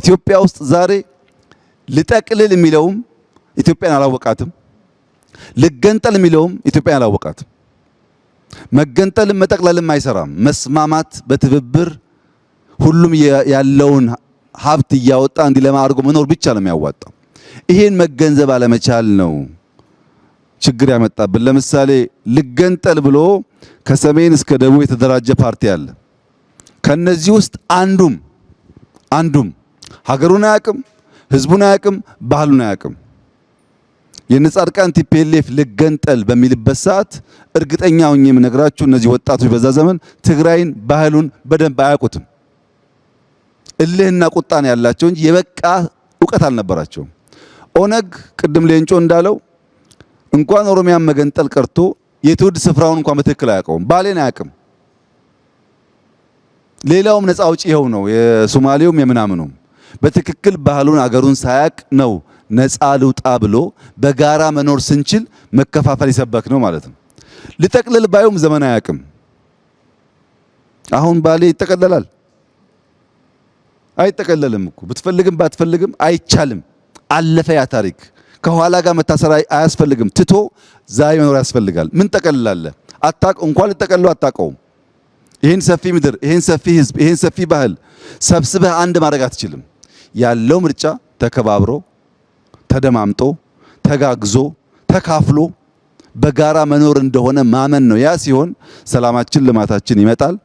ኢትዮጵያ ውስጥ ዛሬ ልጠቅልል የሚለውም ኢትዮጵያን አላወቃትም። ልገንጠል የሚለውም ኢትዮጵያን አላወቃትም። መገንጠልም መጠቅለልም አይሰራም። መስማማት በትብብር ሁሉም ያለውን ሀብት እያወጣ እንዲለማ አድርጎ መኖር ብቻ ነው የሚያዋጣው። ይሄን መገንዘብ አለመቻል ነው ችግር ያመጣብን። ለምሳሌ ልገንጠል ብሎ ከሰሜን እስከ ደቡብ የተደራጀ ፓርቲ አለ። ከነዚህ ውስጥ አንዱም አንዱም ሀገሩን አያውቅም፣ ህዝቡን አያውቅም፣ ባህሉን አያውቅም። የነጻድቃን ቲፒኤልኤፍ ልገንጠል በሚልበት ሰዓት እርግጠኛ ሆኜ የምነግራችሁ እነዚህ ወጣቶች በዛ ዘመን ትግራይን ባህሉን በደንብ አያውቁትም። እልህና ቁጣ ነው ያላቸው እንጂ የበቃ እውቀት አልነበራቸውም። ኦነግ ቅድም ሌንጮ እንዳለው እንኳን ኦሮሚያን መገንጠል ቀርቶ የትውልድ ስፍራውን እንኳን በትክክል አያውቀውም። ባሌን አያውቅም። ሌላውም ነፃ አውጪ ይኸው ነው የሶማሌውም የምናምኑም በትክክል ባህሉን አገሩን ሳያቅ ነው ነፃ ልውጣ ብሎ በጋራ መኖር ስንችል መከፋፈል ይሰበክ ነው ማለት ነው። ልጠቅልል ባዩም ዘመን አያቅም። አሁን ባሌ ይጠቀለላል? አይጠቀለልም እኮ ብትፈልግም ባትፈልግም አይቻልም። አለፈ ያ ታሪክ። ከኋላ ጋር መታሰር አያስፈልግም። ትቶ ዛሬ መኖር ያስፈልጋል። ምን ጠቀልላለ? አታቅ እንኳን ልጠቀልለው አታቀውም ይህን ሰፊ ምድር፣ ይህን ሰፊ ህዝብ ይህን ሰፊ ባህል ሰብስበህ አንድ ማድረግ አትችልም። ያለው ምርጫ ተከባብሮ፣ ተደማምጦ፣ ተጋግዞ፣ ተካፍሎ በጋራ መኖር እንደሆነ ማመን ነው። ያ ሲሆን ሰላማችን፣ ልማታችን ይመጣል።